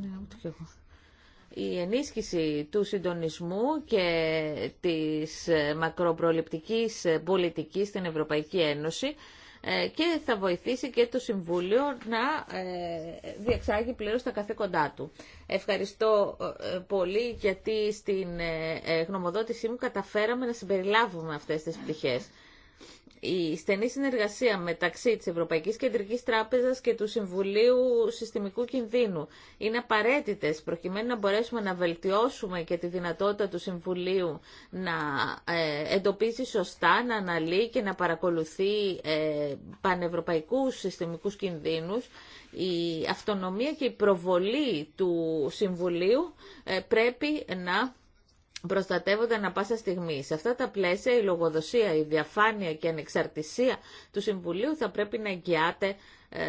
Ναι, η ενίσχυση του συντονισμού και της μακροπροληπτικής πολιτικής στην Ευρωπαϊκή Ένωση ε, και θα βοηθήσει και το Συμβούλιο να ε, διεξάγει πλήρως τα καθήκοντά του. Ευχαριστώ ε, πολύ γιατί στην γνωμοδότησή μου καταφέραμε να συμπεριλάβουμε αυτές τις πτυχές η στενή συνεργασία μεταξύ της Ευρωπαϊκής Κεντρικής Τράπεζας και του Συμβουλίου Συστημικού Κινδύνου είναι απαραίτητες προκειμένου να μπορέσουμε να βελτιώσουμε και τη δυνατότητα του Συμβουλίου να ε, εντοπίσει σωστά, να αναλύει και να παρακολουθεί ε, πανευρωπαϊκούς συστημικούς κινδύνους η αυτονομία και η προβολή του Συμβουλίου ε, πρέπει να προστατεύονται ανα πάσα στιγμή. Σε αυτά τα πλαίσια η λογοδοσία, η διαφάνεια και η ανεξαρτησία του Συμβουλίου θα πρέπει να εγγυάται ε,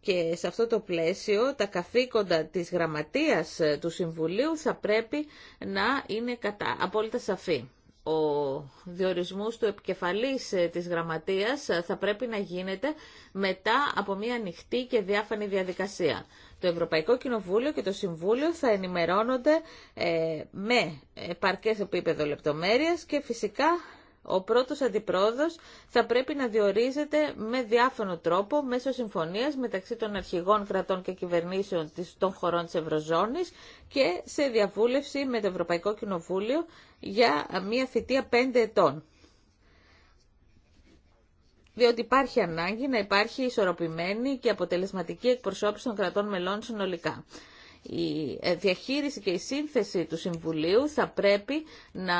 και σε αυτό το πλαίσιο τα καθήκοντα της γραμματείας ε, του Συμβουλίου θα πρέπει να είναι κατά, απόλυτα σαφή. Ο διορισμός του επικεφαλής ε, της γραμματείας θα πρέπει να γίνεται μετά από μια ανοιχτή και διάφανη διαδικασία. Το Ευρωπαϊκό Κοινοβούλιο και το Συμβούλιο θα ενημερώνονται ε, με επαρκές επίπεδο λεπτομέρειας και φυσικά ο πρώτος αντιπρόεδρος θα πρέπει να διορίζεται με διάφορο τρόπο μέσω συμφωνίας μεταξύ των αρχηγών κρατών και κυβερνήσεων των χωρών της Ευρωζώνης και σε διαβούλευση με το Ευρωπαϊκό Κοινοβούλιο για μια θητεία πέντε ετών διότι υπάρχει ανάγκη να υπάρχει ισορροπημένη και αποτελεσματική εκπροσώπηση των κρατών μελών συνολικά. Η ε, διαχείριση και η σύνθεση του Συμβουλίου θα πρέπει να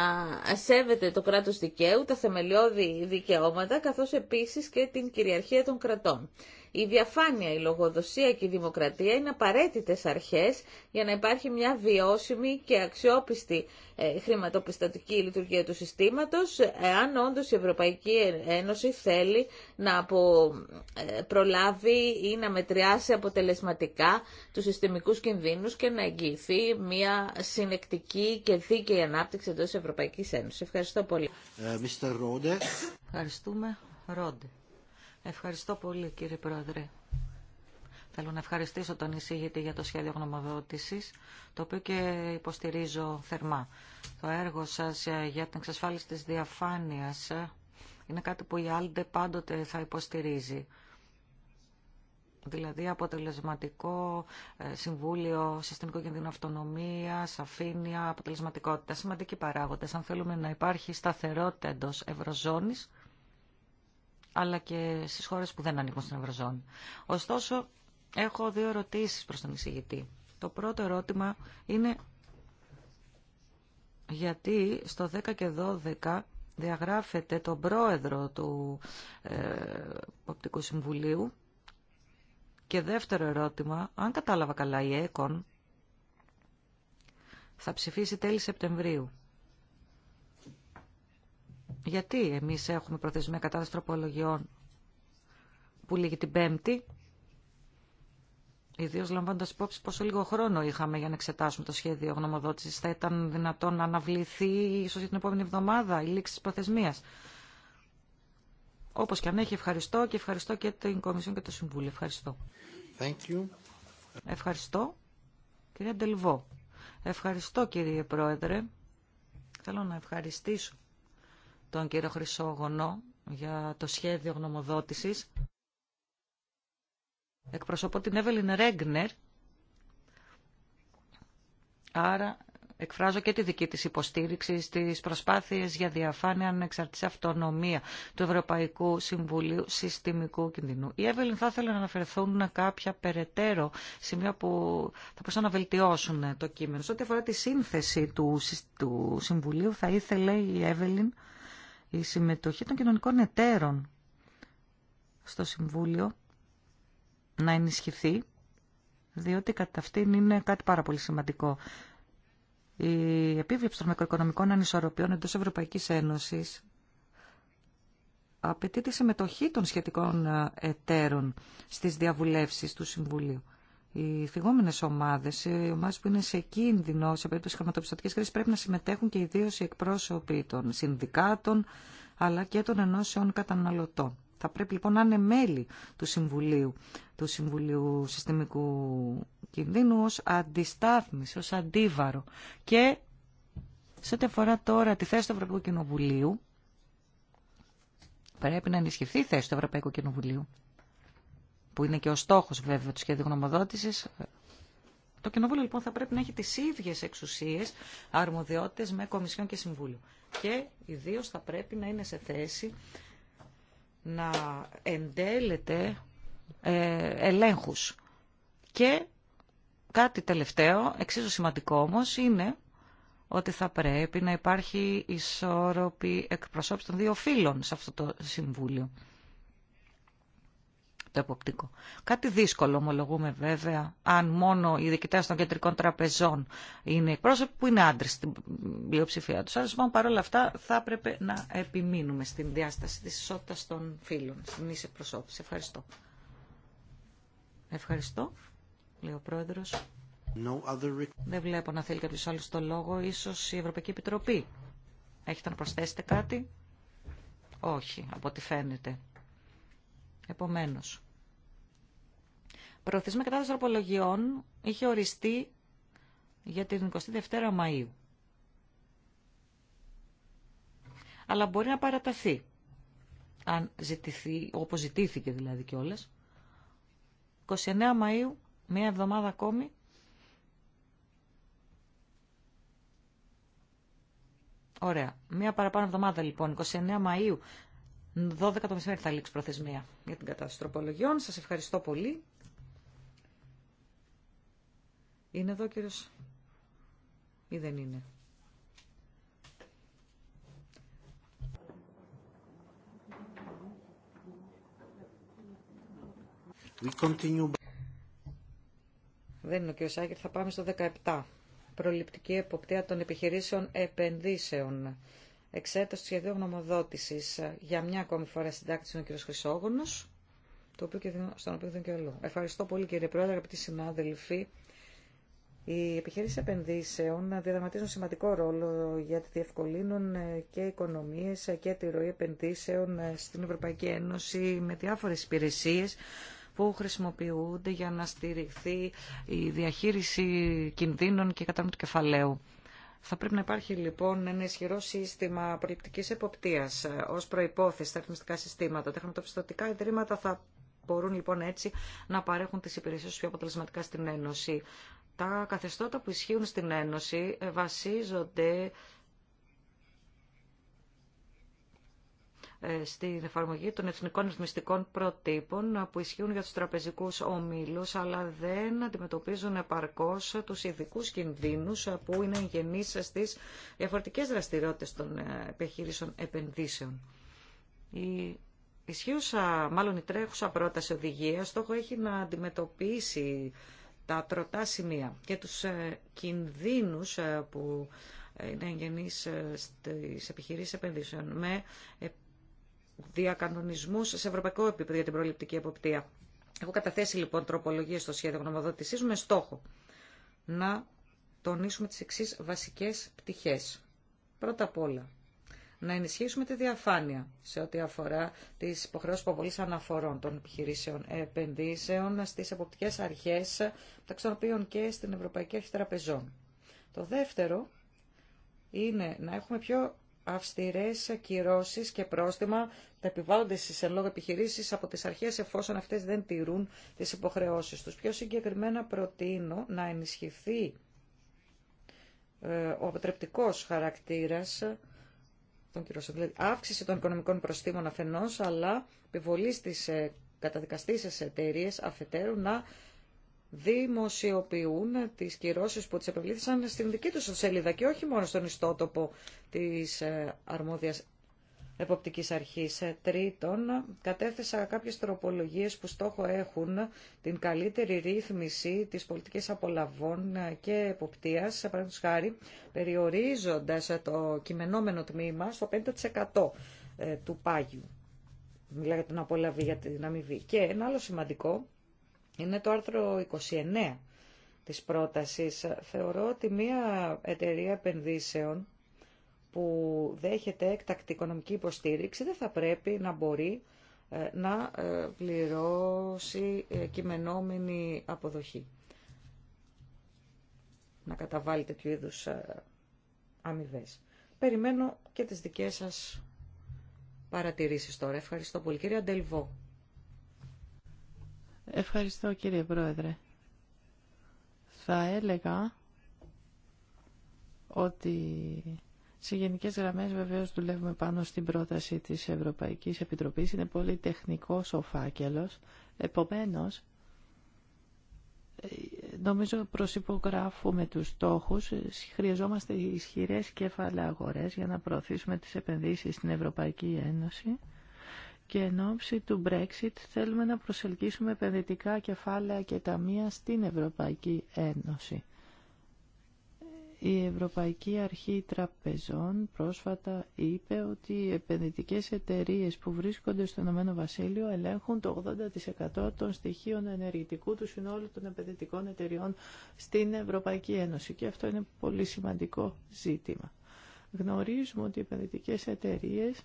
σέβεται το κράτος δικαίου, τα θεμελιώδη δικαιώματα, καθώς επίσης και την κυριαρχία των κρατών. Η διαφάνεια, η λογοδοσία και η δημοκρατία είναι απαραίτητες αρχές για να υπάρχει μια βιώσιμη και αξιόπιστη ε, χρηματοπιστωτική λειτουργία του συστήματος, εάν όντως η Ευρωπαϊκή Ένωση θέλει να ε, προλάβει ή να μετριάσει αποτελεσματικά τους συστημικούς κινδύνους και να εγγυηθεί μια συνεκτική και δίκαιη ανάπτυξη εντός Ευρωπαϊκής Ένωσης. Ευχαριστώ πολύ. Ε, Ευχαριστούμε. Ευχαριστώ πολύ κύριε Πρόεδρε. Θέλω να ευχαριστήσω τον εισήγητη για το σχέδιο γνωμοδότησης, το οποίο και υποστηρίζω θερμά. Το έργο σας ε, για την εξασφάλιση της διαφάνειας ε, είναι κάτι που η Άλντε πάντοτε θα υποστηρίζει. Δηλαδή αποτελεσματικό ε, συμβούλιο, συστημικό κίνδυνο αυτονομία, αφήνεια, αποτελεσματικότητα. Σημαντικοί παράγοντες. Αν θέλουμε να υπάρχει σταθερότητα εντός ευρωζώνης, αλλά και στις χώρες που δεν ανήκουν στην Ευρωζώνη. Ωστόσο, έχω δύο ερωτήσεις προς τον εισηγητή. Το πρώτο ερώτημα είναι γιατί στο 10 και 12 διαγράφεται τον πρόεδρο του ε, Οπτικού Συμβουλίου και δεύτερο ερώτημα, αν κατάλαβα καλά η ΕΚΟΝ θα ψηφίσει τέλη Σεπτεμβρίου. Γιατί εμείς έχουμε προθεσμία κατάσταση τροπολογιών που λήγει την Πέμπτη, ιδίως λαμβάνοντας υπόψη πόσο λίγο χρόνο είχαμε για να εξετάσουμε το σχέδιο γνωμοδότησης. Θα ήταν δυνατόν να αναβληθεί ίσως για την επόμενη εβδομάδα η λήξη της προθεσμίας. Όπως και αν έχει, ευχαριστώ και ευχαριστώ και την Κομισιόν και το Συμβούλιο. Ευχαριστώ. Thank you. Ευχαριστώ. Κυρία Ντελβό. Ευχαριστώ κύριε Πρόεδρε. Θέλω να ευχαριστήσω τον κύριο Χρυσόγονο για το σχέδιο γνωμοδότησης. Εκπροσωπώ την Εύελιν Ρέγκνερ, άρα εκφράζω και τη δική της υποστήριξη στις προσπάθειες για διαφάνεια ανεξαρτής αυτονομία του Ευρωπαϊκού Συμβουλίου Συστημικού Κινδυνού. Η Εύελιν θα ήθελε να αναφερθούν κάποια περαιτέρω σημεία που θα μπορούσαν να βελτιώσουν το κείμενο. Σε ό,τι αφορά τη σύνθεση του, του Συμβουλίου θα ήθελε η Εύελιν η συμμετοχή των κοινωνικών εταίρων στο Συμβούλιο να ενισχυθεί, διότι κατά αυτήν είναι κάτι πάρα πολύ σημαντικό. Η επίβλεψη των μικροοικονομικών ανισορροπιών εντός Ευρωπαϊκής Ένωσης απαιτεί τη συμμετοχή των σχετικών ε, εταίρων στις διαβουλεύσεις του Συμβουλίου οι φυγόμενε ομάδε, οι ομάδε που είναι σε κίνδυνο σε περίπτωση χρηματοπιστωτική κρίση, πρέπει να συμμετέχουν και ιδίω οι εκπρόσωποι των συνδικάτων αλλά και των ενώσεων καταναλωτών. Θα πρέπει λοιπόν να είναι μέλη του Συμβουλίου, του Συμβουλίου Συστημικού Κινδύνου ως αντιστάθμιση, ως αντίβαρο. Και σε ό,τι αφορά τώρα τη θέση του Ευρωπαϊκού Κοινοβουλίου, πρέπει να ενισχυθεί η θέση του Ευρωπαϊκού Κοινοβουλίου που είναι και ο στόχος βέβαια του σχέδιου γνωμοδότησης, το Κοινοβούλιο λοιπόν θα πρέπει να έχει τις ίδιες εξουσίες, αρμοδιότητες με Κομισιόν και Συμβούλιο. Και ιδίω θα πρέπει να είναι σε θέση να εντέλεται ε, ελέγχους. Και κάτι τελευταίο, εξίσου σημαντικό όμως, είναι ότι θα πρέπει να υπάρχει ισόρροπη εκπροσώπηση των δύο φύλων σε αυτό το Συμβούλιο το εποπτικό. Κάτι δύσκολο ομολογούμε βέβαια, αν μόνο οι διοικητέ των κεντρικών τραπεζών είναι πρόσωποι που είναι άντρε στην πλειοψηφία του. Αλλά λοιπόν, παρόλα αυτά θα έπρεπε να επιμείνουμε στην διάσταση τη ισότητα των φίλων, στην ίση προσώπηση. Ευχαριστώ. Ευχαριστώ, λέει ο πρόεδρο. Δεν βλέπω να θέλει κάποιο άλλο το λόγο. Ίσως η Ευρωπαϊκή Επιτροπή. Έχετε να προσθέσετε κάτι. Όχι, από ό,τι φαίνεται. Επομένω. κατά κατάσταση τροπολογιών είχε οριστεί για την 22η Μαΐου. Αλλά μπορεί να παραταθεί, αν ζητηθεί, όπως ζητήθηκε δηλαδή κιόλας. 29 Μαΐου, μία εβδομάδα ακόμη, Ωραία. Μία παραπάνω εβδομάδα λοιπόν, 29 Μαΐου, 12 το μεσημέρι θα λήξει προθεσμία για την κατάσταση τροπολογιών. Σας ευχαριστώ πολύ. Είναι εδώ ο κύριος ή δεν είναι. We continue. Δεν είναι ο κύριος Άγερ, θα πάμε στο 17. Προληπτική εποπτεία των επιχειρήσεων επενδύσεων εξέταση του σχεδίου γνωμοδότησης ε, για μια ακόμη φορά συντάκτη είναι ο κ. Χρυσόγονος, το οποίο στον οποίο δίνω και αλλού. Ευχαριστώ πολύ κύριε Πρόεδρε, αγαπητοί συνάδελφοι. Οι επιχειρήσει επενδύσεων διαδραματίζουν σημαντικό ρόλο γιατί διευκολύνουν ε, και οικονομίε ε, και τη ροή επενδύσεων στην Ευρωπαϊκή Ένωση με διάφορε υπηρεσίε που χρησιμοποιούνται για να στηριχθεί η διαχείριση κινδύνων και κατανομή του κεφαλαίου. Θα πρέπει να υπάρχει λοιπόν ένα ισχυρό σύστημα προληπτική εποπτεία ε, ω προπόθεση στα αριθμιστικά συστήματα. Τα χρηματοπιστωτικά ιδρύματα θα μπορούν λοιπόν έτσι να παρέχουν τι υπηρεσίε του πιο αποτελεσματικά στην Ένωση. Τα καθεστώτα που ισχύουν στην Ένωση ε, βασίζονται Ε, στην εφαρμογή των εθνικών ρυθμιστικών προτύπων ε, που ισχύουν για τους τραπεζικούς ομίλους, αλλά δεν αντιμετωπίζουν επαρκώς τους ειδικού κινδύνους ε, που είναι εγγενείς στις διαφορετικές δραστηριότητες των επιχειρήσεων επενδύσεων. Η ισχύουσα, μάλλον η τρέχουσα πρόταση οδηγία στόχο έχει να αντιμετωπίσει τα τροτά σημεία και τους κινδύνους που είναι εγγενείς στις επιχειρήσεις επενδύσεων με Διακανονισμού σε ευρωπαϊκό επίπεδο για την προληπτική εποπτεία. Έχω καταθέσει λοιπόν τροπολογίε στο σχέδιο γνωμοδότησή με στόχο να τονίσουμε τι εξή βασικέ πτυχέ. Πρώτα απ' όλα, να ενισχύσουμε τη διαφάνεια σε ό,τι αφορά τι υποχρεώσει υποβολή αναφορών των επιχειρήσεων επενδύσεων στι εποπτικέ αρχέ μεταξύ των και στην Ευρωπαϊκή Αρχή Τραπεζών. Το δεύτερο είναι να έχουμε πιο αυστηρές ακυρώσεις και πρόστιμα τα επιβάλλονται στις εν λόγω επιχειρήσεις από τις αρχές εφόσον αυτές δεν τηρούν τις υποχρεώσεις τους. Πιο συγκεκριμένα προτείνω να ενισχυθεί ε, ο αποτρεπτικός χαρακτήρας ε, των κυρώσεων, δηλαδή αύξηση των οικονομικών προστήμων αφενός, αλλά επιβολή στις ε, καταδικαστήσεις εταιρείε αφετέρου να δημοσιοποιούν τις κυρώσεις που τις επιβλήθησαν στην δική τους σελίδα και όχι μόνο στον ιστότοπο της ε, αρμόδιας εποπτικής αρχής. Ε, τρίτον, κατέθεσα κάποιες τροπολογίες που στόχο έχουν την καλύτερη ρύθμιση της πολιτικής απολαβών ε, και εποπτείας, παραδείγματος χάρη, περιορίζοντας το κειμενόμενο τμήμα στο 50% του πάγιου. Μιλάω για την απολαβή, για την αμοιβή. Και ένα άλλο σημαντικό είναι το άρθρο 29 της πρότασης. Θεωρώ ότι μια εταιρεία επενδύσεων που δέχεται έκτακτη οικονομική υποστήριξη δεν θα πρέπει να μπορεί ε, να ε, πληρώσει ε, κειμενόμενη αποδοχή. Να καταβάλει τέτοιου είδους αμοιβέ. Περιμένω και τις δικές σας παρατηρήσεις τώρα. Ευχαριστώ πολύ. Κύριε Αντελβό. Ευχαριστώ κύριε Πρόεδρε. Θα έλεγα ότι σε γενικέ γραμμές βεβαίως δουλεύουμε πάνω στην πρόταση της Ευρωπαϊκής Επιτροπής. Είναι πολύ τεχνικός ο φάκελος. Επομένως, νομίζω προσυπογράφουμε τους στόχους. Χρειαζόμαστε ισχυρές κεφαλαγορές για να προωθήσουμε τις επενδύσεις στην Ευρωπαϊκή Ένωση και εν ώψη του Brexit θέλουμε να προσελκύσουμε επενδυτικά κεφάλαια και ταμεία στην Ευρωπαϊκή Ένωση. Η Ευρωπαϊκή Αρχή Τραπεζών πρόσφατα είπε ότι οι επενδυτικές εταιρείες που βρίσκονται στο Ηνωμένο Βασίλειο ελέγχουν το 80% των στοιχείων ενεργητικού του συνόλου των επενδυτικών εταιριών στην Ευρωπαϊκή Ένωση και αυτό είναι πολύ σημαντικό ζήτημα. Γνωρίζουμε ότι οι επενδυτικές εταιρείες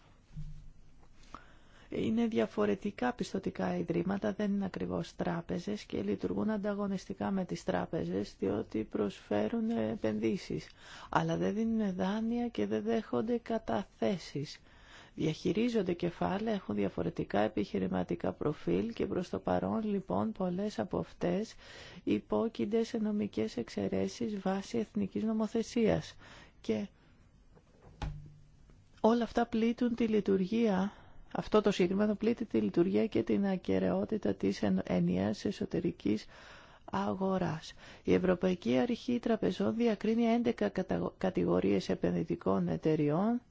είναι διαφορετικά πιστοτικά ιδρύματα, δεν είναι ακριβώς τράπεζες και λειτουργούν ανταγωνιστικά με τις τράπεζες διότι προσφέρουν επενδύσεις. Αλλά δεν δίνουν δάνεια και δεν δέχονται καταθέσεις. Διαχειρίζονται κεφάλαια, έχουν διαφορετικά επιχειρηματικά προφίλ και προς το παρόν λοιπόν πολλές από αυτές υπόκεινται σε νομικές εξαιρέσεις βάσει εθνικής νομοθεσίας. Και όλα αυτά πλήττουν τη λειτουργία αυτό το συγκεκριμένο πλήττει τη λειτουργία και την ακαιρεότητα της ενιαίας εσωτερικής αγοράς. Η Ευρωπαϊκή Αρχή Τραπεζών διακρίνει 11 κατηγορίες επενδυτικών εταιριών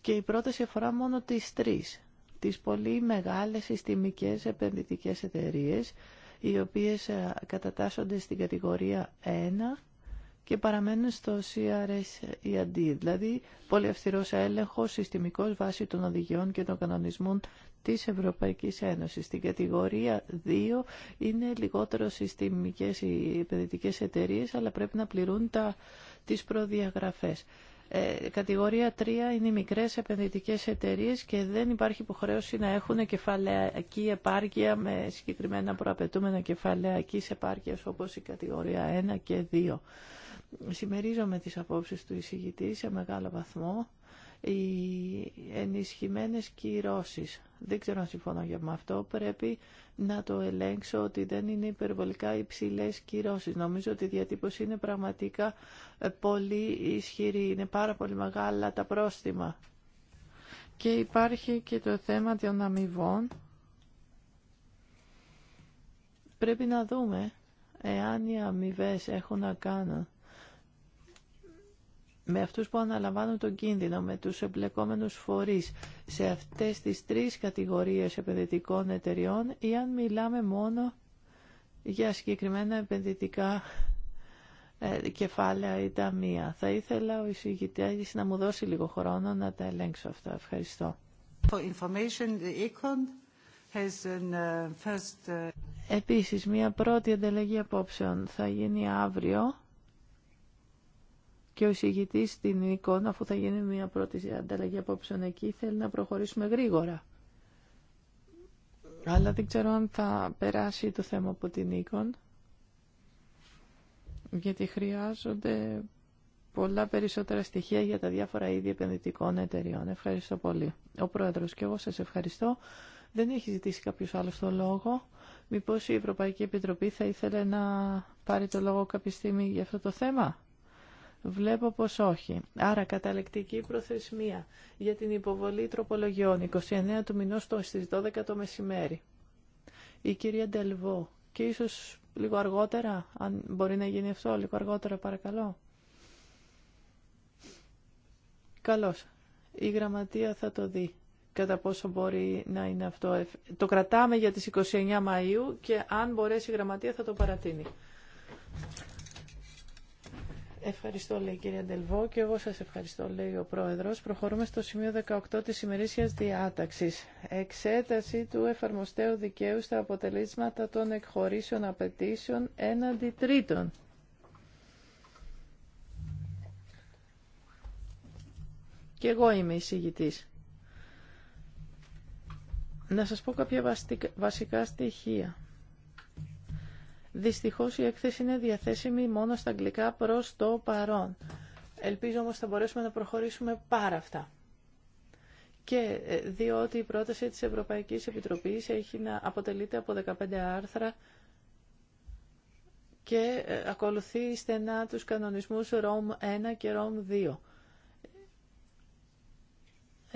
και η πρόταση αφορά μόνο τις τρεις. Τις πολύ μεγάλες συστημικές επενδυτικές εταιρίες, οι οποίες ε, κατατάσσονται στην κατηγορία 1 και παραμένουν στο CRS-EAD, δηλαδή πολύ αυστηρό έλεγχος συστημικός βάσει των οδηγιών και των κανονισμών της Ευρωπαϊκής Ένωσης. Στην κατηγορία 2 είναι λιγότερο συστημικές οι επενδυτικές εταιρείες, αλλά πρέπει να πληρούν τα, τις προδιαγραφές. Ε, κατηγορία 3 είναι οι μικρές επενδυτικές εταιρείες και δεν υπάρχει υποχρέωση να έχουν κεφαλαϊκή επάρκεια με συγκεκριμένα προαπαιτούμενα κεφαλαϊκής επάρκειας όπως η κατηγορία 1 και 2 συμμερίζομαι τις απόψεις του εισηγητή σε μεγάλο βαθμό οι ενισχυμένες κυρώσεις. Δεν ξέρω αν συμφωνώ για αυτό. Πρέπει να το ελέγξω ότι δεν είναι υπερβολικά υψηλές κυρώσεις. Νομίζω ότι η διατύπωση είναι πραγματικά ε, πολύ ισχυρή. Είναι πάρα πολύ μεγάλα τα πρόστιμα. Και υπάρχει και το θέμα των αμοιβών. Πρέπει να δούμε εάν οι αμοιβέ έχουν να κάνουν με αυτούς που αναλαμβάνουν τον κίνδυνο, με τους εμπλεκόμενους φορείς σε αυτές τις τρεις κατηγορίες επενδυτικών εταιριών ή αν μιλάμε μόνο για συγκεκριμένα επενδυτικά ε, κεφάλαια ή ταμεία. Θα ήθελα ο εισηγητής να μου δώσει λίγο χρόνο να τα ελέγξω αυτά. Ευχαριστώ. For uh, uh, Επίσης, μια πρώτη ανταλλαγή απόψεων θα γίνει αύριο και ο εισηγητή στην εικόνα, αφού θα γίνει μια πρώτη ανταλλαγή απόψεων εκεί, θέλει να προχωρήσουμε γρήγορα. Αλλά δεν ξέρω αν θα περάσει το θέμα από την εικόνα, γιατί χρειάζονται πολλά περισσότερα στοιχεία για τα διάφορα είδη επενδυτικών εταιριών. Ευχαριστώ πολύ. Ο Πρόεδρος και εγώ σας ευχαριστώ. Δεν έχει ζητήσει κάποιος άλλος το λόγο. Μήπως η Ευρωπαϊκή Επιτροπή θα ήθελε να πάρει το λόγο κάποια στιγμή για αυτό το θέμα. Βλέπω πως όχι. Άρα καταλεκτική προθεσμία για την υποβολή τροπολογιών 29 του μηνός στις 12 το μεσημέρι. Η κυρία Ντελβό και ίσως λίγο αργότερα, αν μπορεί να γίνει αυτό, λίγο αργότερα παρακαλώ. Καλώς. Η γραμματεία θα το δει κατά πόσο μπορεί να είναι αυτό. Ε, το κρατάμε για τις 29 Μαΐου και αν μπορέσει η γραμματεία θα το παρατείνει. Ευχαριστώ, λέει η κυρία Ντελβό, και εγώ σας ευχαριστώ, λέει ο Πρόεδρος. Προχωρούμε στο σημείο 18 της ημερήσιας διάταξη. Εξέταση του εφαρμοστέου δικαίου στα αποτελέσματα των εκχωρήσεων απαιτήσεων έναντι τρίτων. Και εγώ είμαι εισηγητή. Να σας πω κάποια βασικά στοιχεία. Δυστυχώς η έκθεση είναι διαθέσιμη μόνο στα αγγλικά προς το παρόν. Ελπίζω όμως θα μπορέσουμε να προχωρήσουμε πάρα αυτά. Και ε, διότι η πρόταση της Ευρωπαϊκής Επιτροπής έχει να αποτελείται από 15 άρθρα και ε, ακολουθεί στενά τους κανονισμούς ROM 1 και ROM 2.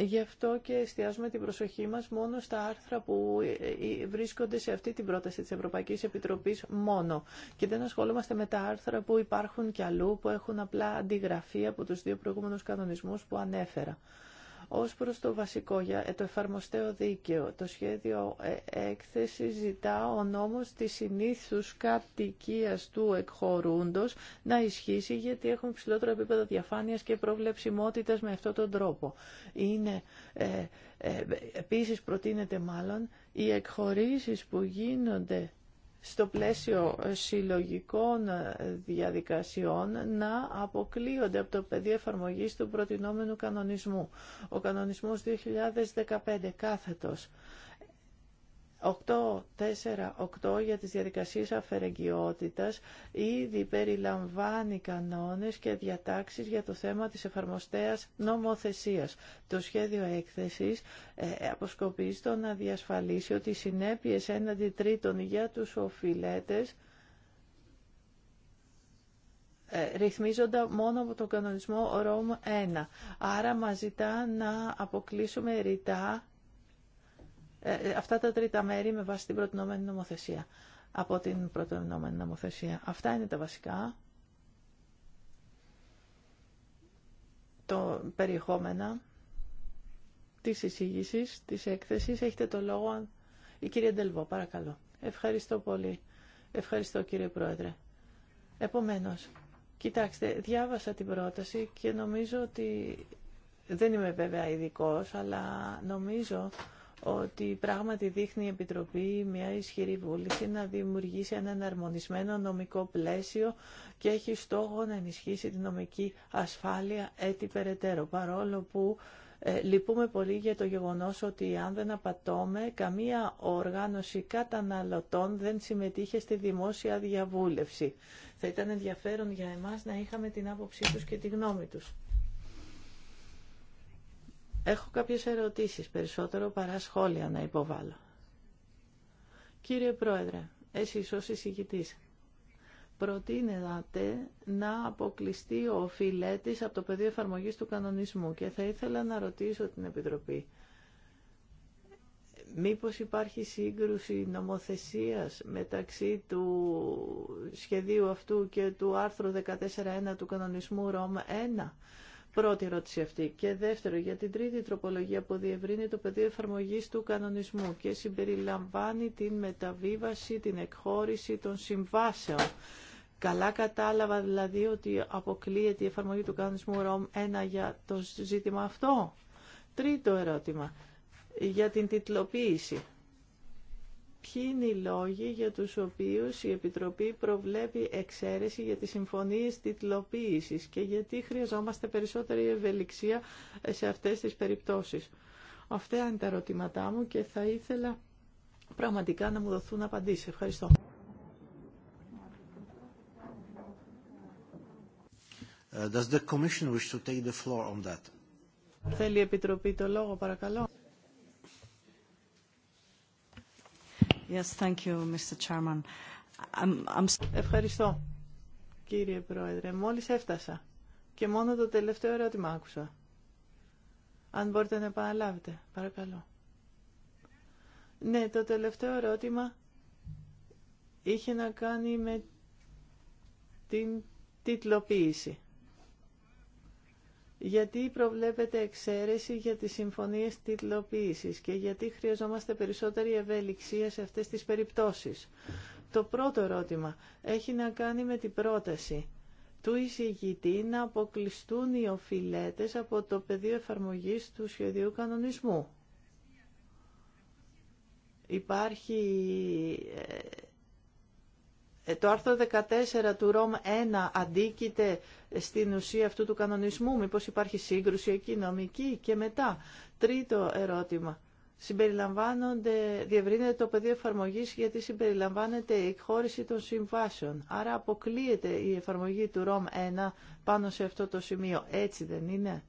Γι' αυτό και εστιάζουμε την προσοχή μας μόνο στα άρθρα που ε, ε, βρίσκονται σε αυτή την πρόταση της Ευρωπαϊκής Επιτροπής μόνο. Και δεν ασχολούμαστε με τα άρθρα που υπάρχουν κι αλλού, που έχουν απλά αντιγραφή από τους δύο προηγούμενους κανονισμούς που ανέφερα. Ως προς το βασικό για ε, το εφαρμοστέο δίκαιο, το σχέδιο ε, έκθεση ζητά ο νόμος της συνήθους κατοικίας του εκχωρούντος να ισχύσει γιατί έχουν ψηλότερο επίπεδο διαφάνειας και προβλεψιμότητας με αυτόν τον τρόπο. Είναι, ε, επίσης προτείνεται μάλλον οι εκχωρήσεις που γίνονται στο πλαίσιο συλλογικών διαδικασιών να αποκλείονται από το πεδίο εφαρμογής του προτινόμενου κανονισμού. Ο κανονισμός 2015 κάθετος 8.4.8 για τις διαδικασίες αφαιρεγγιότητας ήδη περιλαμβάνει κανόνες και διατάξεις για το θέμα της εφαρμοστέας νομοθεσίας. Το σχέδιο έκθεσης ε, αποσκοπεί στο να διασφαλίσει ότι οι συνέπειες έναντι τρίτων για τους οφειλέτες ε, ρυθμίζονται μόνο από τον κανονισμό ΡΟΜ 1. Άρα μας ζητά να αποκλείσουμε ρητά ε, ε, αυτά τα τρίτα μέρη με βάση την προτινόμενη νομοθεσία. Από την προτινόμενη νομοθεσία. Αυτά είναι τα βασικά. Το περιεχόμενα της εισήγησης, της έκθεσης. Έχετε το λόγο, η κυρία Ντελβό, παρακαλώ. Ευχαριστώ πολύ. Ευχαριστώ κύριε Πρόεδρε. Επομένως, κοιτάξτε, διάβασα την πρόταση και νομίζω ότι δεν είμαι βέβαια ειδικό, αλλά νομίζω ότι πράγματι δείχνει η Επιτροπή μια ισχυρή βούληση να δημιουργήσει ένα αρμονισμένο νομικό πλαίσιο και έχει στόχο να ενισχύσει την νομική ασφάλεια έτσι περαιτέρω. Παρόλο που ε, λυπούμε πολύ για το γεγονός ότι αν δεν απατώμε, καμία οργάνωση καταναλωτών δεν συμμετείχε στη δημόσια διαβούλευση. Θα ήταν ενδιαφέρον για εμάς να είχαμε την άποψή τους και τη γνώμη τους. Έχω κάποιες ερωτήσεις περισσότερο παρά σχόλια να υποβάλω. Κύριε Πρόεδρε, εσείς ως εισηγητής, προτείνετε να αποκλειστεί ο φιλέτης από το πεδίο εφαρμογής του κανονισμού και θα ήθελα να ρωτήσω την Επιτροπή. Μήπως υπάρχει σύγκρουση νομοθεσίας μεταξύ του σχεδίου αυτού και του άρθρου 14.1 του κανονισμού ΡΟΜ 1 Πρώτη ερώτηση αυτή. Και δεύτερο, για την τρίτη τροπολογία που διευρύνει το πεδίο εφαρμογή του κανονισμού και συμπεριλαμβάνει την μεταβίβαση, την εκχώρηση των συμβάσεων. Καλά κατάλαβα δηλαδή ότι αποκλείεται η εφαρμογή του κανονισμού ΡΟΜ 1 για το ζήτημα αυτό. Τρίτο ερώτημα, για την τιτλοποίηση ποιοι είναι οι λόγοι για τους οποίους η Επιτροπή προβλέπει εξαίρεση για τις συμφωνίες τιτλοποίησης και γιατί χρειαζόμαστε περισσότερη ευελιξία σε αυτές τις περιπτώσεις. Αυτά είναι τα ερωτήματά μου και θα ήθελα πραγματικά να μου δοθούν απαντήσεις. Ευχαριστώ. Uh, does the Commission wish to take the floor on that? Θέλει η Επιτροπή το λόγο, παρακαλώ. Ευχαριστώ, κύριε Πρόεδρε. Μόλις έφτασα και μόνο το τελευταίο ερώτημα άκουσα. Αν μπορείτε να επαναλάβετε, παρακαλώ. Ναι, το τελευταίο ερώτημα είχε να κάνει με την τίτλοποίηση γιατί προβλέπεται εξαίρεση για τις συμφωνίες τίτλοποίησης και γιατί χρειαζόμαστε περισσότερη ευελιξία σε αυτές τις περιπτώσεις. Το πρώτο ερώτημα έχει να κάνει με την πρόταση του εισηγητή να αποκλειστούν οι οφειλέτες από το πεδίο εφαρμογής του σχεδίου κανονισμού. Υπάρχει ε, ε, το άρθρο 14 του ΡΟΜ 1 αντίκειται στην ουσία αυτού του κανονισμού. Μήπως υπάρχει σύγκρουση εκεί νομική και μετά. Τρίτο ερώτημα. Συμπεριλαμβάνονται, διευρύνεται το πεδίο εφαρμογή γιατί συμπεριλαμβάνεται η εκχώρηση των συμβάσεων. Άρα αποκλείεται η εφαρμογή του ΡΟΜ 1 πάνω σε αυτό το σημείο. Έτσι δεν είναι.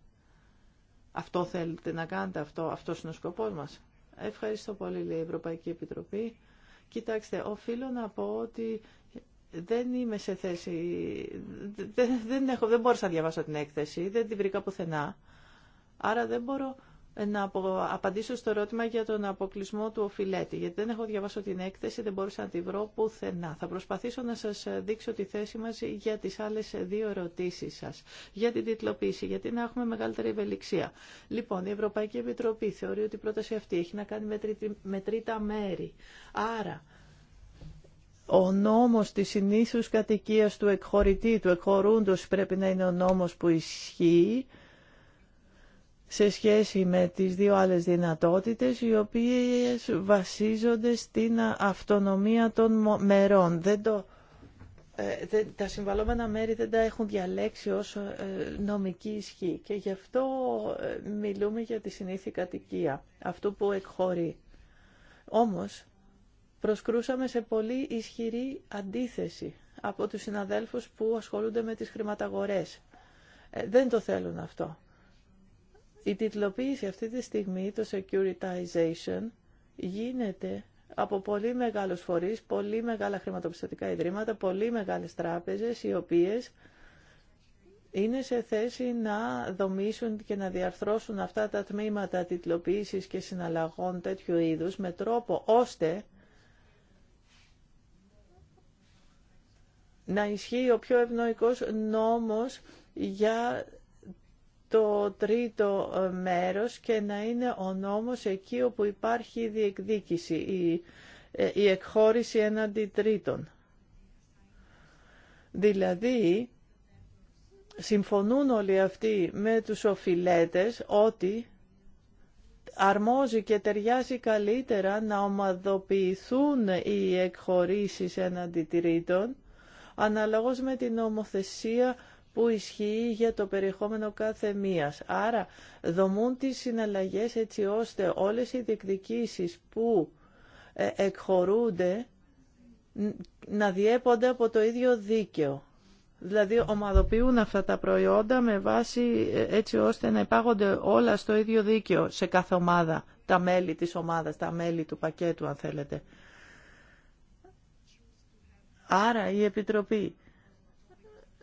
Αυτό θέλετε να κάνετε, αυτό, αυτός είναι ο σκοπός μας. Ευχαριστώ πολύ, λέει η Ευρωπαϊκή Επιτροπή. Κοιτάξτε, οφείλω να πω ότι δεν είμαι σε θέση, δεν, δεν, έχω, δεν μπόρεσα να διαβάσω την έκθεση, δεν την βρήκα πουθενά. Άρα δεν μπορώ να απαντήσω στο ερώτημα για τον αποκλεισμό του οφειλέτη, γιατί δεν έχω διαβάσει την έκθεση, δεν μπορούσα να τη βρω πουθενά. Θα προσπαθήσω να σας δείξω τη θέση μας για τις άλλες δύο ερωτήσεις σας, για την τιτλοποίηση, γιατί να έχουμε μεγαλύτερη ευελιξία. Λοιπόν, η Ευρωπαϊκή Επιτροπή θεωρεί ότι η πρόταση αυτή έχει να κάνει με, με τρίτα μέρη. Άρα, ο νόμος της συνήθους κατοικίας του εκχωρητή, του εκχωρούντος, πρέπει να είναι ο νόμος που ισχύει, σε σχέση με τις δύο άλλες δυνατότητες οι οποίες βασίζονται στην αυτονομία των μερών. Δεν το, ε, τα συμβαλόμενα μέρη δεν τα έχουν διαλέξει ως ε, νομική ισχύ και γι' αυτό ε, μιλούμε για τη συνήθη κατοικία, αυτού που εκχωρεί. Όμως προσκρούσαμε σε πολύ ισχυρή αντίθεση από τους συναδέλφους που ασχολούνται με τις χρηματαγορές. Δεν το θέλουν αυτό. Η τιτλοποίηση αυτή τη στιγμή, το securitization, γίνεται από πολύ μεγάλους φορείς, πολύ μεγάλα χρηματοπιστωτικά ιδρύματα, πολύ μεγάλες τράπεζες, οι οποίες είναι σε θέση να δομήσουν και να διαρθρώσουν αυτά τα τμήματα τιτλοποίησης και συναλλαγών τέτοιου είδους με τρόπο ώστε να ισχύει ο πιο ευνοϊκός νόμος για το τρίτο ε, μέρος και να είναι ο νόμος εκεί όπου υπάρχει η διεκδίκηση, η, ε, η εκχώρηση έναντι τρίτων. Δηλαδή, συμφωνούν όλοι αυτοί με τους οφειλέτες ότι αρμόζει και ταιριάζει καλύτερα να ομαδοποιηθούν οι εκχωρήσεις έναντι τρίτων, αναλόγως με την νομοθεσία που ισχύει για το περιεχόμενο κάθε μίας. Άρα δομούν τις συναλλαγές έτσι ώστε όλες οι διεκδικήσεις που ε, εκχωρούνται να διέπονται από το ίδιο δίκαιο. Δηλαδή ομαδοποιούν αυτά τα προϊόντα με βάση ε, έτσι ώστε να υπάγονται όλα στο ίδιο δίκαιο σε κάθε ομάδα, τα μέλη της ομάδας, τα μέλη του πακέτου αν θέλετε. Άρα η Επιτροπή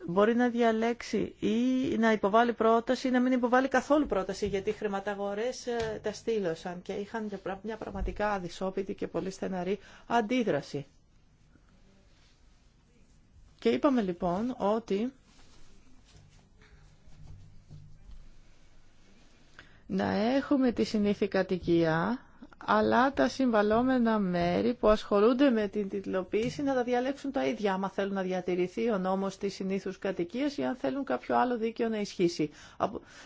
μπορεί να διαλέξει ή να υποβάλει πρόταση ή να μην υποβάλει καθόλου πρόταση γιατί οι χρηματαγορές ε, τα στήλωσαν και είχαν μια πραγματικά αδυσόπιτη και πολύ στεναρή αντίδραση. Και είπαμε λοιπόν ότι να έχουμε τη συνήθεια κατοικία αλλά τα συμβαλόμενα μέρη που ασχολούνται με την τιτλοποίηση να τα διαλέξουν τα ίδια, άμα θέλουν να διατηρηθεί ο νόμος της συνήθους κατοικίας ή αν θέλουν κάποιο άλλο δίκαιο να ισχύσει.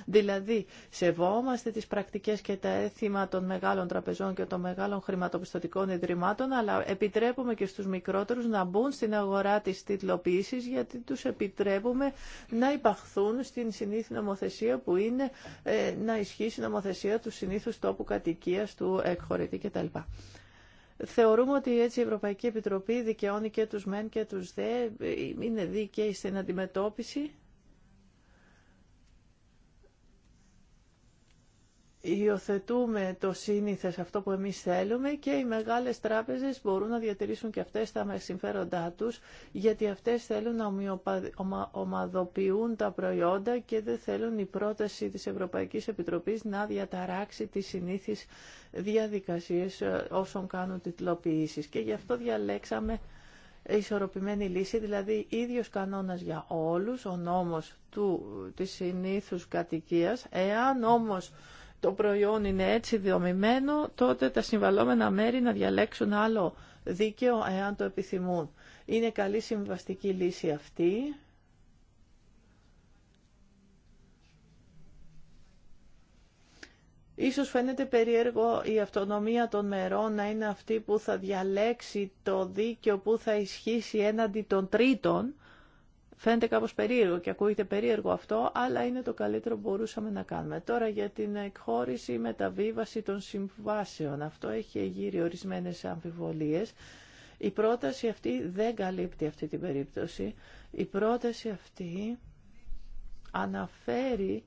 Δηλαδή, σεβόμαστε τις πρακτικές και τα έθιμα των μεγάλων τραπεζών και των μεγάλων χρηματοπιστωτικών ιδρυμάτων, αλλά επιτρέπουμε και στους μικρότερους να μπουν στην αγορά της τιτλοποίησης, γιατί τους επιτρέπουμε να υπαχθούν στην συνήθη νομοθεσία που είναι ε, να ισχύσει η νομοθεσία του συνήθους τόπου κατοικίας του εκχωρηθεί κτλ. Θεωρούμε ότι έτσι η Ευρωπαϊκή Επιτροπή δικαιώνει και τους μεν και τους δε, ε, είναι δίκαιη στην αντιμετώπιση υιοθετούμε το σύνηθες αυτό που εμείς θέλουμε και οι μεγάλες τράπεζες μπορούν να διατηρήσουν και αυτές τα συμφέροντά τους γιατί αυτές θέλουν να ομαδοποιούν τα προϊόντα και δεν θέλουν η πρόταση της Ευρωπαϊκής Επιτροπής να διαταράξει τις συνήθεις διαδικασίες ε, όσων κάνουν τιτλοποιήσεις και γι' αυτό διαλέξαμε ισορροπημένη λύση, δηλαδή ίδιος κανόνας για όλους, ο νόμος του, της συνήθους κατοικίας, εάν όμως το προϊόν είναι έτσι δομημένο, τότε τα συμβαλώμενα μέρη να διαλέξουν άλλο δίκαιο εάν το επιθυμούν. Είναι καλή συμβαστική λύση αυτή. Ίσως φαίνεται περίεργο η αυτονομία των μερών να είναι αυτή που θα διαλέξει το δίκαιο που θα ισχύσει έναντι των τρίτων, Φαίνεται κάπως περίεργο και ακούγεται περίεργο αυτό, αλλά είναι το καλύτερο που μπορούσαμε να κάνουμε. Τώρα για την εκχώρηση ή μεταβίβαση των συμβάσεων. Αυτό έχει γύρει ορισμένες αμφιβολίες. Η πρόταση αυτή δεν καλύπτει αυτή την περίπτωση. Η πρόταση αυτή αναφέρει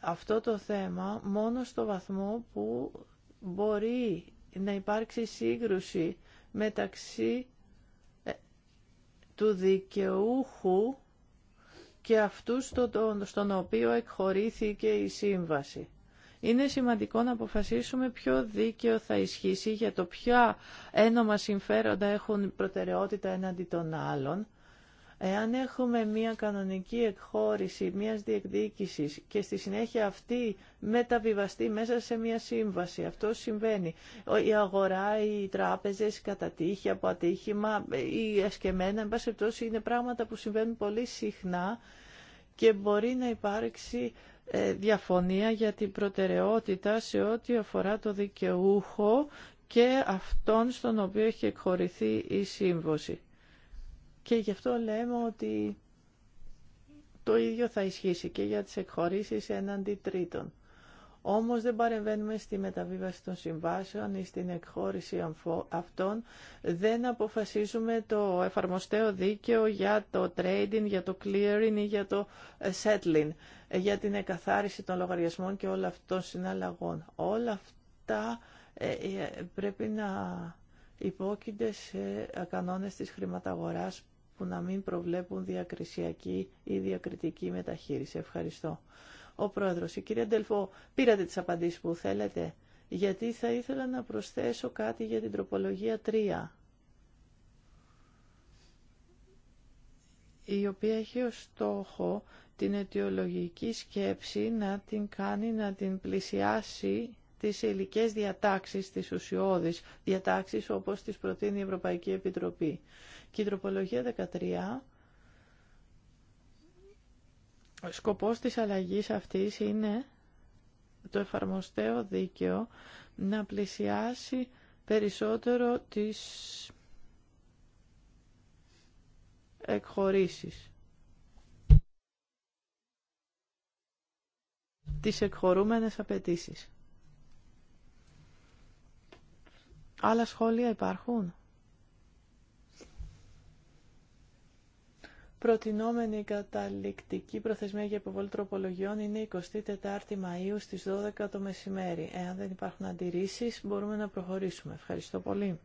αυτό το θέμα μόνο στο βαθμό που μπορεί να υπάρξει σύγκρουση μεταξύ του δικαιούχου και αυτού στον οποίο εκχωρήθηκε η σύμβαση. Είναι σημαντικό να αποφασίσουμε ποιο δίκαιο θα ισχύσει για το ποια ένομα συμφέροντα έχουν προτεραιότητα εναντί των άλλων Εάν έχουμε μια κανονική εκχώρηση μιας διεκδίκησης και στη συνέχεια αυτή μεταβιβαστεί μέσα σε μια σύμβαση, αυτό συμβαίνει. Η αγορά, οι τράπεζες, κατά τύχη, από ατύχημα, η ασκεμένα, εν πάση πτώση, είναι πράγματα που συμβαίνουν πολύ συχνά και μπορεί να υπάρξει ε, διαφωνία για την προτεραιότητα σε ό,τι αφορά το δικαιούχο και αυτόν στον οποίο έχει εκχωρηθεί η σύμβαση. Και γι' αυτό λέμε ότι το ίδιο θα ισχύσει και για τις εκχωρήσεις έναντι τρίτων. Όμως δεν παρεμβαίνουμε στη μεταβίβαση των συμβάσεων ή στην εκχώρηση αυτών. Δεν αποφασίζουμε το εφαρμοστέο δίκαιο για το trading, για το clearing ή για το settling, για την εκαθάριση των λογαριασμών και όλα αυτών συναλλαγών. Όλα αυτά ε, ε, πρέπει να υπόκεινται σε κανόνες της χρηματαγοράς που να μην προβλέπουν διακρισιακή ή διακριτική μεταχείριση. Ευχαριστώ. Ο Πρόεδρος, η κυρία Ντελφό, πήρατε τις απαντήσεις που θέλετε, γιατί θα ήθελα να προσθέσω κάτι για την τροπολογία 3, η οποία έχει ως στόχο την αιτιολογική σκέψη να την κάνει να την πλησιάσει τις υλικές διατάξεις, τις ουσιώδεις διατάξεις όπως τις προτείνει η Ευρωπαϊκή Επιτροπή. Και η τροπολογία 13 ο σκοπός της αλλαγής αυτής είναι το εφαρμοστέο δίκαιο να πλησιάσει περισσότερο τις εκχωρήσεις. Τις εκχωρούμενες απαιτήσεις. Άλλα σχόλια υπάρχουν. Προτινόμενη καταληκτική προθεσμία για υποβολή τροπολογιών είναι 24η Μαΐου στις 12 το μεσημέρι. Εάν δεν υπάρχουν αντιρρήσεις μπορούμε να προχωρήσουμε. Ευχαριστώ πολύ.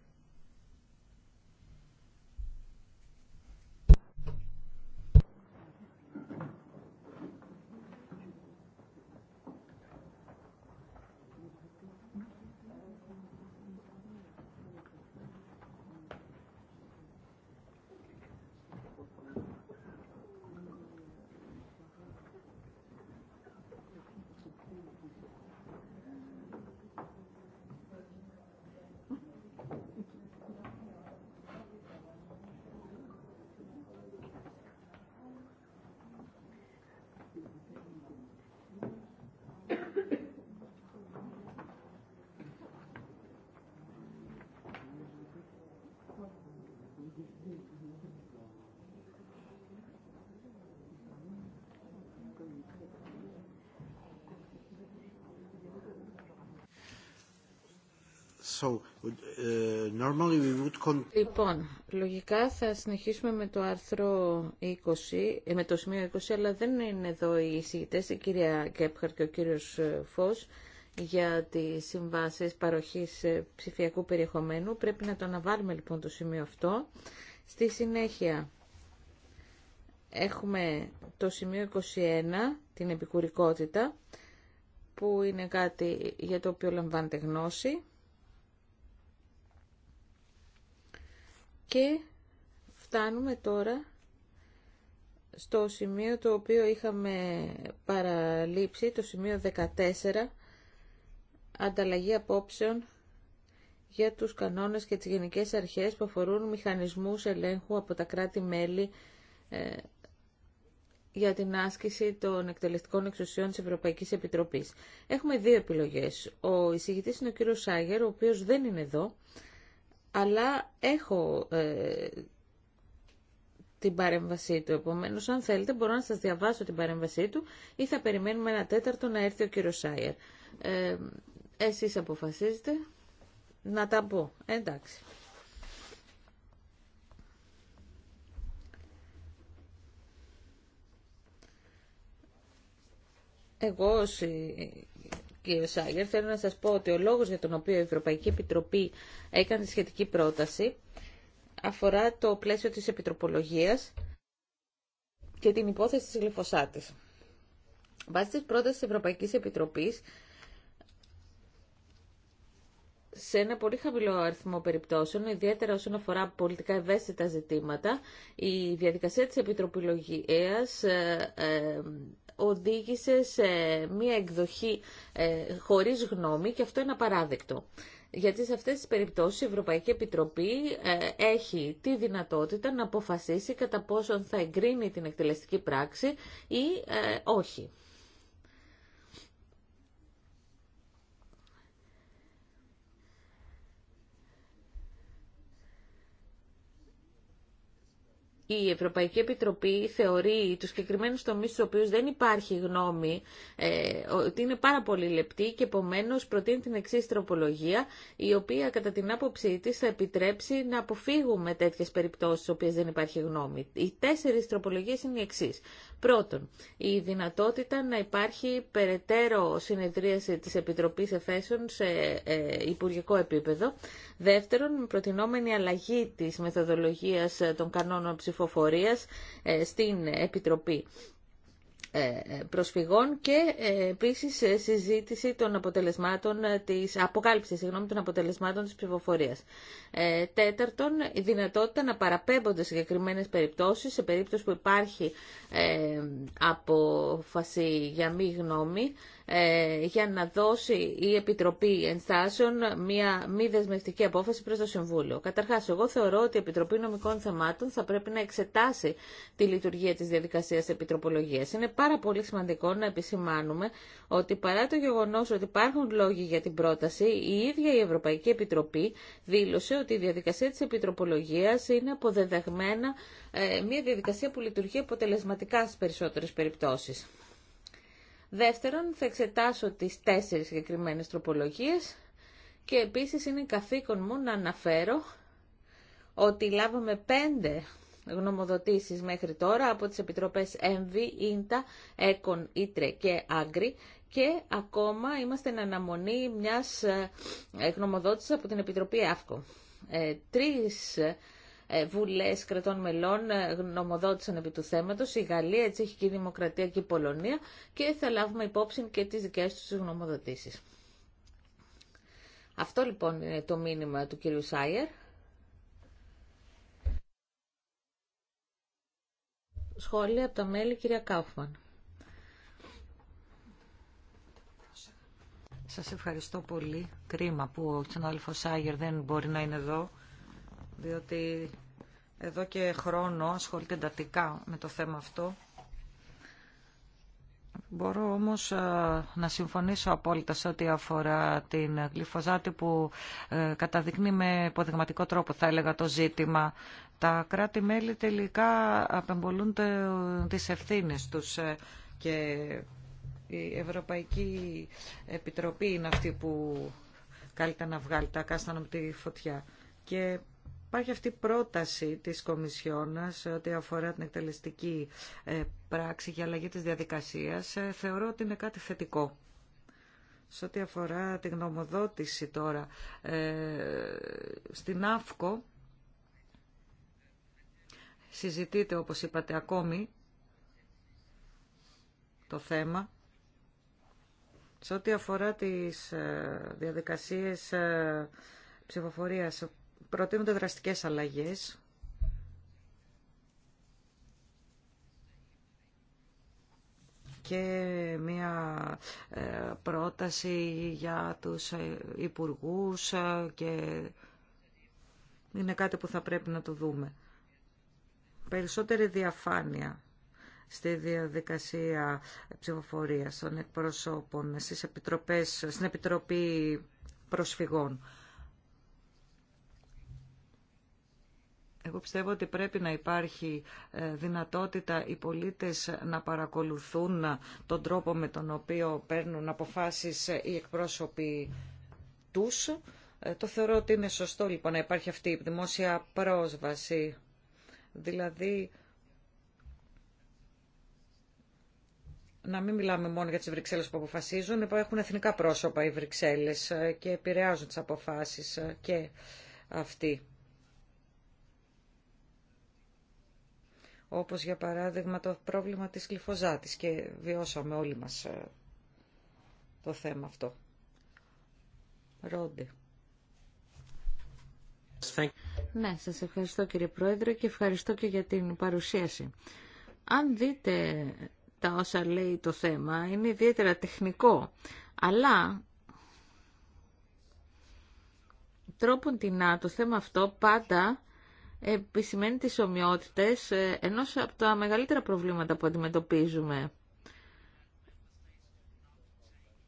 Λοιπόν, λογικά θα συνεχίσουμε με το άρθρο 20, ε, με το σημείο 20, αλλά δεν είναι εδώ οι εισηγητές, η κυρία Κέπχαρ και ο κύριος ε, Φως, για τις συμβάσεις παροχής ε, ψηφιακού περιεχομένου. Πρέπει να το αναβάλουμε λοιπόν το σημείο αυτό. Στη συνέχεια έχουμε το σημείο 21, την επικουρικότητα, που είναι κάτι για το οποίο λαμβάνεται γνώση. Και φτάνουμε τώρα στο σημείο το οποίο είχαμε παραλείψει, το σημείο 14, ανταλλαγή απόψεων για τους κανόνες και τις γενικές αρχές που αφορούν μηχανισμούς ελέγχου από τα κράτη-μέλη ε, για την άσκηση των εκτελεστικών εξουσιών της Ευρωπαϊκής Επιτροπής. Έχουμε δύο επιλογές. Ο εισηγητής είναι ο κύριος Σάγερ, ο οποίος δεν είναι εδώ αλλά έχω ε, την παρέμβασή του. Επομένως, αν θέλετε, μπορώ να σας διαβάσω την παρέμβασή του ή θα περιμένουμε ένα τέταρτο να έρθει ο κύριος Σάιερ. Ε, εσείς αποφασίζετε να τα πω. Εντάξει. Εγώ ως Κύριε Σάγερ, θέλω να σας πω ότι ο λόγος για τον οποίο η Ευρωπαϊκή Επιτροπή έκανε σχετική πρόταση αφορά το πλαίσιο της επιτροπολογίας και την υπόθεση της γλυφοσάτης. Βάσει της πρότασης της Ευρωπαϊκής Επιτροπής, σε ένα πολύ χαμηλό αριθμό περιπτώσεων, ιδιαίτερα όσον αφορά πολιτικά ευαίσθητα ζητήματα, η διαδικασία της επιτροπολογίας ε, ε, οδήγησε σε μία εκδοχή ε, χωρίς γνώμη και αυτό είναι απαράδεκτο. Γιατί σε αυτές τις περιπτώσεις η Ευρωπαϊκή Επιτροπή ε, έχει τη δυνατότητα να αποφασίσει κατά πόσον θα εγκρίνει την εκτελεστική πράξη ή ε, όχι. η Ευρωπαϊκή Επιτροπή θεωρεί τους συγκεκριμένους τομείς στους οποίους δεν υπάρχει γνώμη ε, ότι είναι πάρα πολύ λεπτή και επομένω προτείνει την εξή τροπολογία η οποία κατά την άποψή της θα επιτρέψει να αποφύγουμε τέτοιες περιπτώσεις στις οποίες δεν υπάρχει γνώμη. Οι τέσσερις τροπολογίες είναι οι εξή. Πρώτον, η δυνατότητα να υπάρχει περαιτέρω συνεδρίαση της Επιτροπής Εφέσεων σε ε, υπουργικό επίπεδο. Δεύτερον, προτινόμενη αλλαγή τη μεθοδολογίας των κανόνων ψηφοφορίας ε, στην Επιτροπή ε, προσφυγών και ε, επίσης συζήτηση των αποτελεσμάτων της αποκάλυψη συγγνώμη, των αποτελεσμάτων της ψηφοφορία. Ε, τέταρτον, η δυνατότητα να παραπέμπονται συγκεκριμένες περιπτώσεις σε περίπτωση που υπάρχει ε, απόφαση για μη γνώμη ε, για να δώσει η Επιτροπή Ενστάσεων μια μη δεσμευτική απόφαση προς το Συμβούλιο. Καταρχάς, εγώ θεωρώ ότι η Επιτροπή Νομικών Θεμάτων θα πρέπει να εξετάσει τη λειτουργία της διαδικασίας επιτροπολογίας. Είναι πάρα πολύ σημαντικό να επισημάνουμε ότι παρά το γεγονός ότι υπάρχουν λόγοι για την πρόταση, η ίδια η Ευρωπαϊκή Επιτροπή δήλωσε ότι η διαδικασία της επιτροπολογίας είναι αποδεδεγμένα ε, μια διαδικασία που λειτουργεί αποτελεσματικά στις περισσότερες περιπτώσεις. Δεύτερον, θα εξετάσω τις τέσσερις συγκεκριμένες τροπολογίες και επίσης είναι καθήκον μου να αναφέρω ότι λάβαμε πέντε γνωμοδοτήσεις μέχρι τώρα από τις επιτροπές MV INTA, ΕΚΟΝ, ΙΤΡΕ και ΑΓΡΙ και ακόμα είμαστε εν αναμονή μιας ε, γνωμοδότησης από την Επιτροπή ΑΦΚΟ. Ε, τρεις ε, βουλές κρατών μελών ε, γνωμοδότησαν επί του θέματος. Η Γαλλία, η Δημοκρατία και η Πολωνία και θα λάβουμε υπόψη και τις δικές τους γνωμοδοτήσεις. Αυτό λοιπόν είναι το μήνυμα του κυρίου Σάιερ. Σχόλια από τα μέλη, κυρία Κάουφμαν. Σας ευχαριστώ πολύ. Κρίμα που ο Τσανάλφος Σάγερ δεν μπορεί να είναι εδώ διότι εδώ και χρόνο ασχολείται εντατικά με το θέμα αυτό. Μπορώ όμως ε, να συμφωνήσω απόλυτα σε ό,τι αφορά την γλυφοζάτη που ε, καταδεικνύει με υποδειγματικό τρόπο, θα έλεγα, το ζήτημα. Τα κράτη-μέλη τελικά απεμπολούν τις ευθύνες τους ε, και η Ευρωπαϊκή Επιτροπή είναι αυτή που καλύτερα να βγάλει τα κάστανα με τη φωτιά. Και Υπάρχει αυτή η πρόταση της Κομισιόν ό,τι αφορά την εκτελεστική ε, πράξη για αλλαγή της διαδικασίας. Ε, θεωρώ ότι είναι κάτι θετικό. Σε ό,τι αφορά τη γνωμοδότηση τώρα ε, στην ΑΦΚΟ, συζητείτε, όπως είπατε ακόμη το θέμα σε ό,τι αφορά τις διαδικασίες ψηφοφορίας προτείνονται δραστικές αλλαγές και μια ε, πρόταση για τους ε, υπουργούς ε, και είναι κάτι που θα πρέπει να το δούμε. Περισσότερη διαφάνεια στη διαδικασία ψηφοφορίας των εκπροσώπων στις επιτροπές, στην Επιτροπή Προσφυγών. Εγώ πιστεύω ότι πρέπει να υπάρχει ε, δυνατότητα οι πολίτες να παρακολουθούν ε, τον τρόπο με τον οποίο παίρνουν αποφάσεις ε, οι εκπρόσωποι τους. Το θεωρώ ότι είναι σωστό λοιπόν να υπάρχει αυτή η δημόσια πρόσβαση. Δηλαδή να μην μιλάμε μόνο για τις Βρυξέλλες που αποφασίζουν, έχουν εθνικά πρόσωπα οι Βρυξέλλες και επηρεάζουν τις αποφάσεις και αυτοί. όπως για παράδειγμα το πρόβλημα της κλιφοζάτης και βιώσαμε όλοι μας ε, το θέμα αυτό. Ρόντε. Ναι, σας ευχαριστώ κύριε Πρόεδρε και ευχαριστώ και για την παρουσίαση. Αν δείτε τα όσα λέει το θέμα, είναι ιδιαίτερα τεχνικό, αλλά τρόπον την το θέμα αυτό πάντα επισημαίνει τις ομοιότητες ε, ενός από τα μεγαλύτερα προβλήματα που αντιμετωπίζουμε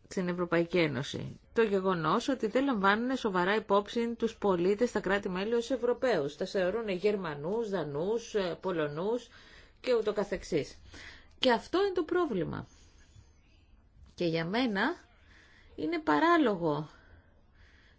στην Ευρωπαϊκή Ένωση. Το γεγονός ότι δεν λαμβάνουν σοβαρά υπόψη τους πολίτες στα κράτη-μέλη ως Ευρωπαίους. Τα θεωρούν Γερμανούς, Δανούς, ε, Πολωνούς και ούτω καθεξής. Και αυτό είναι το πρόβλημα. Και για μένα είναι παράλογο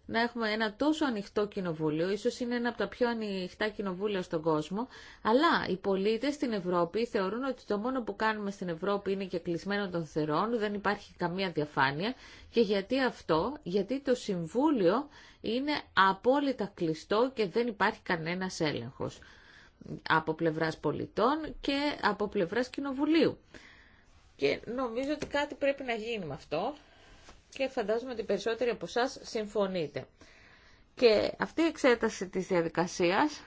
να έχουμε ένα τόσο ανοιχτό κοινοβούλιο, ίσως είναι ένα από τα πιο ανοιχτά κοινοβούλια στον κόσμο, αλλά οι πολίτες στην Ευρώπη θεωρούν ότι το μόνο που κάνουμε στην Ευρώπη είναι και κλεισμένο των θερών, δεν υπάρχει καμία διαφάνεια και γιατί αυτό, γιατί το Συμβούλιο είναι απόλυτα κλειστό και δεν υπάρχει κανένας έλεγχος από πλευράς πολιτών και από πλευράς κοινοβουλίου. Και νομίζω ότι κάτι πρέπει να γίνει με αυτό και φαντάζομαι ότι περισσότεροι από εσά συμφωνείτε. Και αυτή η εξέταση της διαδικασίας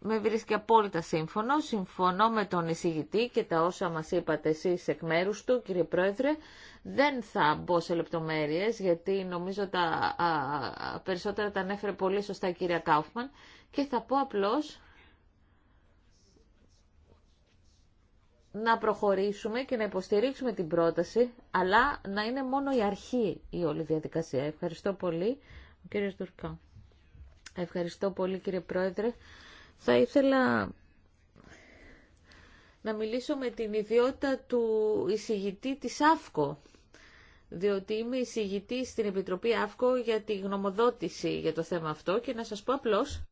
με βρίσκει απόλυτα σύμφωνο. Συμφωνώ με τον εισηγητή και τα όσα μας είπατε εσείς εκ μέρους του, κύριε Πρόεδρε. Δεν θα μπω σε λεπτομέρειες, γιατί νομίζω τα περισσότερα τα ανέφερε πολύ σωστά η κυρία Κάουφμαν. Και θα πω απλώς να προχωρήσουμε και να υποστηρίξουμε την πρόταση, αλλά να είναι μόνο η αρχή η όλη διαδικασία. Ευχαριστώ πολύ, κύριε Ευχαριστώ πολύ, κύριε Πρόεδρε. Θα ήθελα να μιλήσω με την ιδιότητα του εισηγητή της ΑΦΚΟ, διότι είμαι εισηγητή στην Επιτροπή ΑΦΚΟ για τη γνωμοδότηση για το θέμα αυτό και να σας πω απλώς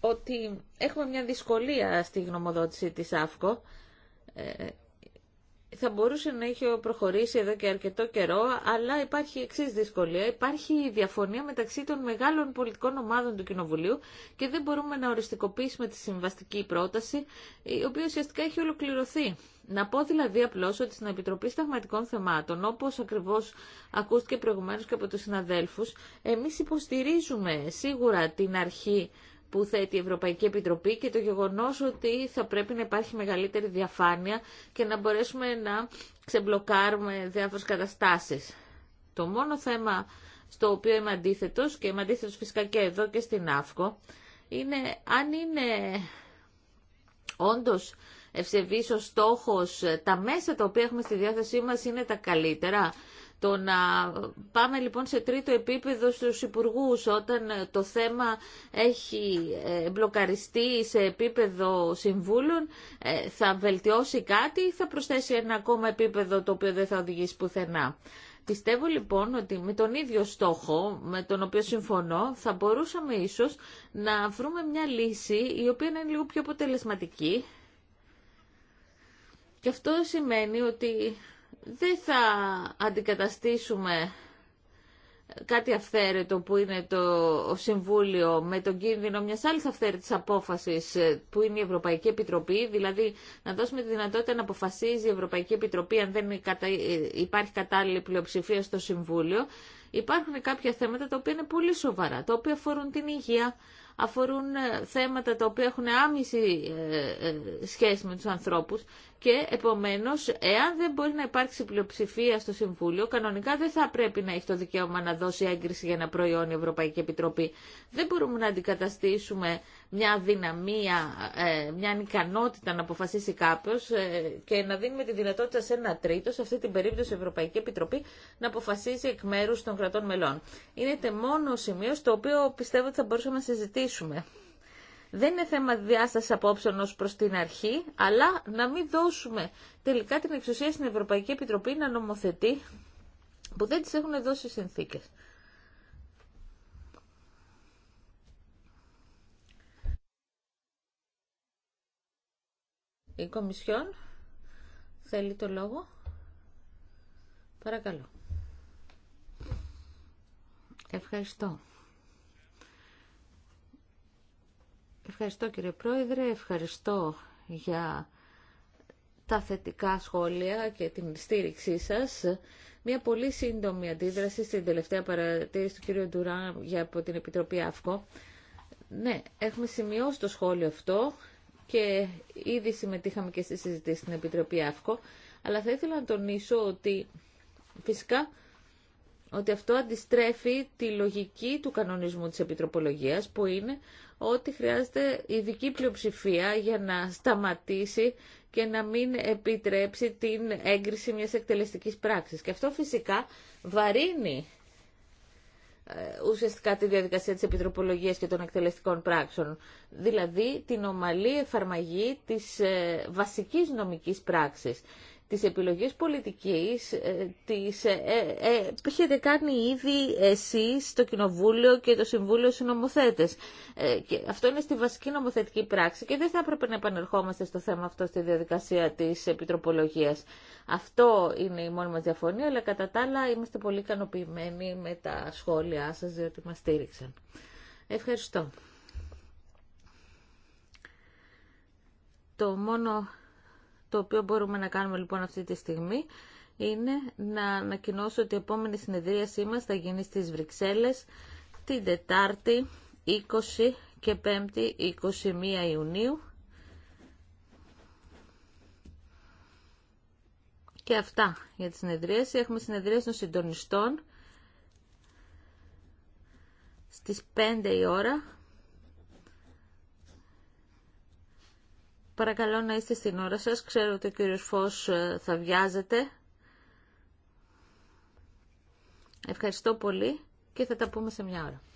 ότι έχουμε μια δυσκολία στη γνωμοδότηση της ΑΦΚΟ. Ε, θα μπορούσε να είχε προχωρήσει εδώ και αρκετό καιρό, αλλά υπάρχει εξή δυσκολία. Υπάρχει διαφωνία μεταξύ των μεγάλων πολιτικών ομάδων του Κοινοβουλίου και δεν μπορούμε να οριστικοποιήσουμε τη συμβαστική πρόταση, η οποία ουσιαστικά έχει ολοκληρωθεί. Να πω δηλαδή απλώ ότι στην Επιτροπή Σταγματικών Θεμάτων, όπω ακριβώ ακούστηκε προηγουμένω και από του συναδέλφου, εμεί υποστηρίζουμε σίγουρα την αρχή που θέτει η Ευρωπαϊκή Επιτροπή και το γεγονός ότι θα πρέπει να υπάρχει μεγαλύτερη διαφάνεια και να μπορέσουμε να ξεμπλοκάρουμε διάφορες καταστάσεις. Το μόνο θέμα στο οποίο είμαι αντίθετο και είμαι αντίθετο φυσικά και εδώ και στην ΑΦΚΟ, είναι αν είναι όντως ευσεβής ο στόχος, τα μέσα τα οποία έχουμε στη διάθεσή μας είναι τα καλύτερα το να πάμε λοιπόν σε τρίτο επίπεδο στους υπουργούς όταν το θέμα έχει ε, μπλοκαριστεί σε επίπεδο συμβούλων ε, θα βελτιώσει κάτι ή θα προσθέσει ένα ακόμα επίπεδο το οποίο δεν θα οδηγήσει πουθενά. Πιστεύω λοιπόν ότι με τον ίδιο στόχο με τον οποίο συμφωνώ θα μπορούσαμε ίσως να βρούμε μια λύση η οποία να είναι λίγο πιο αποτελεσματική και αυτό σημαίνει ότι δεν θα αντικαταστήσουμε κάτι αυθαίρετο που είναι το Συμβούλιο με τον κίνδυνο μιας άλλης αυθαίρετης απόφασης ε, που είναι η Ευρωπαϊκή Επιτροπή, δηλαδή να δώσουμε τη δυνατότητα να αποφασίζει η Ευρωπαϊκή Επιτροπή αν δεν ε, υπάρχει κατάλληλη πλειοψηφία στο Συμβούλιο. Υπάρχουν κάποια θέματα τα οποία είναι πολύ σοβαρά, τα οποία αφορούν την υγεία, αφορούν ε, θέματα τα οποία έχουν άμεση σχέση με τους ανθρώπους και επομένως εάν δεν μπορεί να υπάρξει πλειοψηφία στο Συμβούλιο κανονικά δεν θα πρέπει να έχει το δικαίωμα να δώσει έγκριση για ένα προϊόν η Ευρωπαϊκή Επιτροπή. Δεν μπορούμε να αντικαταστήσουμε μια δυναμία, ε, μια ανικανότητα να αποφασίσει κάποιο ε, και να δίνουμε τη δυνατότητα σε ένα τρίτο, σε αυτή την περίπτωση η Ευρωπαϊκή Επιτροπή, να αποφασίσει εκ μέρου των κρατών μελών. Είναι το μόνο σημείο στο οποίο πιστεύω ότι θα μπορούσαμε να συζητήσουμε. Δεν είναι θέμα διάσταση απόψεων ως προς την αρχή, αλλά να μην δώσουμε τελικά την εξουσία στην Ευρωπαϊκή Επιτροπή να νομοθετεί που δεν τις έχουν δώσει συνθήκες. Η Κομισιόν θέλει το λόγο. Παρακαλώ. Ευχαριστώ. Ευχαριστώ κύριε Πρόεδρε, ευχαριστώ για τα θετικά σχόλια και την στήριξή σας. Μια πολύ σύντομη αντίδραση στην τελευταία παρατήρηση του κύριου Ντουράν για από την Επιτροπή ΑΦΚΟ. Ναι, έχουμε σημειώσει το σχόλιο αυτό και ήδη συμμετείχαμε και στη συζήτηση στην Επιτροπή ΑΦΚΟ, αλλά θα ήθελα να τονίσω ότι φυσικά ότι αυτό αντιστρέφει τη λογική του κανονισμού της επιτροπολογίας που είναι ότι χρειάζεται ειδική πλειοψηφία για να σταματήσει και να μην επιτρέψει την έγκριση μιας εκτελεστικής πράξης. Και αυτό φυσικά βαρύνει ε, ουσιαστικά τη διαδικασία της επιτροπολογίας και των εκτελεστικών πράξεων, δηλαδή την ομαλή εφαρμαγή της ε, βασικής νομικής πράξης τις επιλογές πολιτικής ε, τις ε, ε, ε, έχετε κάνει ήδη εσείς το Κοινοβούλιο και το Συμβούλιο Συνομοθέτες. Ε, και αυτό είναι στη βασική νομοθετική πράξη και δεν θα έπρεπε να επανερχόμαστε στο θέμα αυτό στη διαδικασία της επιτροπολογίας. Αυτό είναι η μόνη μας διαφωνία, αλλά κατά τα άλλα είμαστε πολύ ικανοποιημένοι με τα σχόλιά σας διότι μας στήριξαν. Ευχαριστώ. Το μόνο το οποίο μπορούμε να κάνουμε λοιπόν αυτή τη στιγμή είναι να ανακοινώσω ότι η επόμενη συνεδρίασή μας θα γίνει στις Βρυξέλλες την Τετάρτη 20 και 5η 21 Ιουνίου. Και αυτά για τη συνεδρίαση. Έχουμε συνεδρίαση των συντονιστών στις 5 η ώρα. Παρακαλώ να είστε στην ώρα σας. Ξέρω ότι ο κύριος Φως ε, θα βιάζεται. Ευχαριστώ πολύ και θα τα πούμε σε μια ώρα.